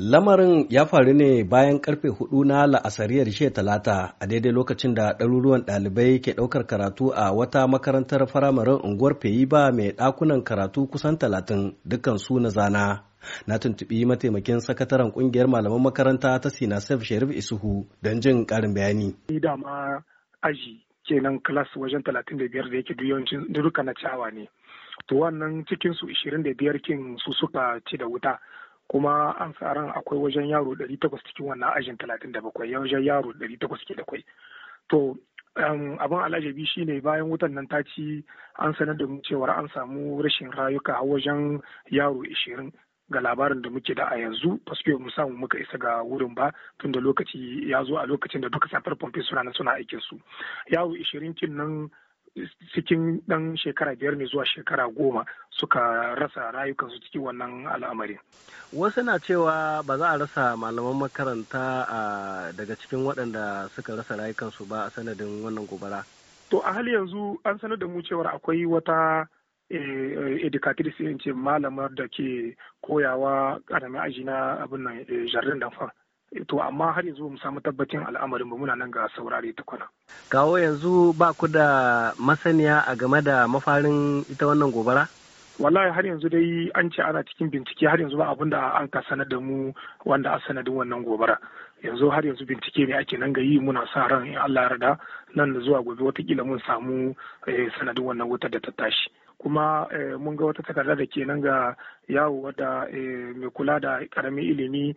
Lamarin ya faru ne bayan karfe hudu na la'asariyar shiya talata a daidai lokacin da ɗaruruwan ɗalibai ke ɗaukar karatu a wata makarantar firamarin unguwar Feyiba mai ɗakunan karatu kusan talatin dukansu na zana. Na tuntuɓi mataimakin sakataren ƙungiyar malaman makaranta ta Sinasef Sharif Isuhu don jin ƙarin bayani. dama aji kenan kilas wajen talatin da biyar da yake duyawancin na ne. To wannan cikin su da biyar kin su suka ci da wuta kuma an sa akwai wajen yaro 800 cikin wannan ajin 37 ya wajen yaro 800 ke da to um, abin alajabi shine bayan wutan nan ta ci an sanar da mu cewar an samu rashin rayuka wajen yaro 20 ga labarin da muke da a yanzu paske mu samu muka isa ga wurin ba tun da lokaci ya zo a lokacin da duka safar pompe suna nan suna aikin su yaro 20 kin nan cikin ɗan shekara biyar ne zuwa shekara goma suka rasa rayukansu cikin wannan al'amari. Wasu na cewa ba za a rasa malaman makaranta daga cikin waɗanda suka rasa rayukansu ba a sanadin wannan gobara. To a hali yanzu an sanar da mu cewar akwai wata eh, eh, educatrice ce malamar da ke koyawa ƙaramin aji na abin nan eh, jardin to amma har yanzu mu samu tabbacin al'amarin ba muna nan ga saurare tukuna. Kawo yanzu ba ku da masaniya a game da mafarin ita wannan gobara? wallahi har yanzu dai an ce ana cikin bincike har yanzu ba abin da an ka sanar da mu wanda a sanadin wannan gobara yanzu har yanzu bincike ne ake nan ga yi muna sa ran in Allah ya rada nan da zuwa gobe watakila mun samu eh, sanadin wannan wutar da ta tashi kuma eh, mun ga wata takarda da ke nan ga yawo wadda eh, mai kula da karamin ilimi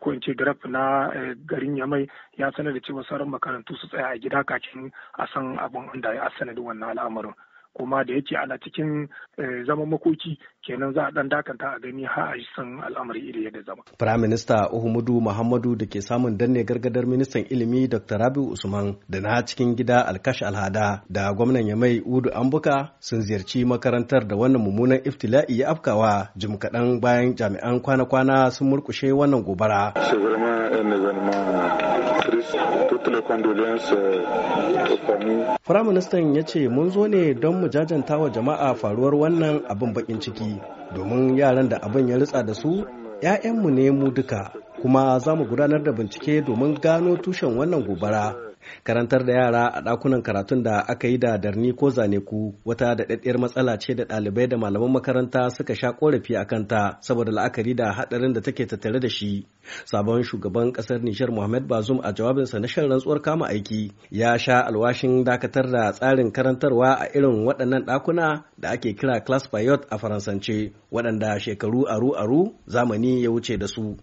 ko in ce graf na garin yamai ya sanar da cewa sauran makarantu su tsaya a gida kafin a san abin da ya sanadin wannan al'amarin kuma da yake ana cikin eh, zaman makoki kenan za a dan dakanta a gani har a san al'amari iri yadda zama. Prime Minister Uhumudu Muhammadu da ke samun danne gargadar ministan ilimi Dr. Rabiu Usman da na cikin gida Alkash Alhada da gwamnan Yamai Udu Ambuka sun ziyarci makarantar da wannan mummunan iftila'i ya afkawa jim kaɗan bayan jami'an kwana-kwana sun murkushe wannan gobara. toutes les condoléances euh, aux familles. Firaministan ya ce mun zo ne don mu jajanta wa jama'a faruwar wannan abin bakin ciki domin yaran da abin ya rutsa da su 'ya'yanmu ne mu duka kuma za mu gudanar da bincike domin gano tushen wannan gobara karantar da yara a ɗakunan karatun da aka yi da darni ko zane ku wata daɗaɗɗiyar matsala ce da ɗalibai da malaman makaranta suka sha ƙorafi a kanta saboda la'akari da haɗarin da take tattare da shi sabon shugaban ƙasar Nijar muhammad bazum a jawabinsa na shan rantsuwar kama aiki ya sha alwashin dakatar da tsarin karantarwa a irin waɗannan ɗakuna da ake kira class payot a faransance waɗanda shekaru aru-aru zamani ya wuce da su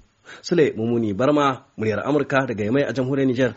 sule mumuni barma muryar amurka daga yamai a jamhuriyar Nijar.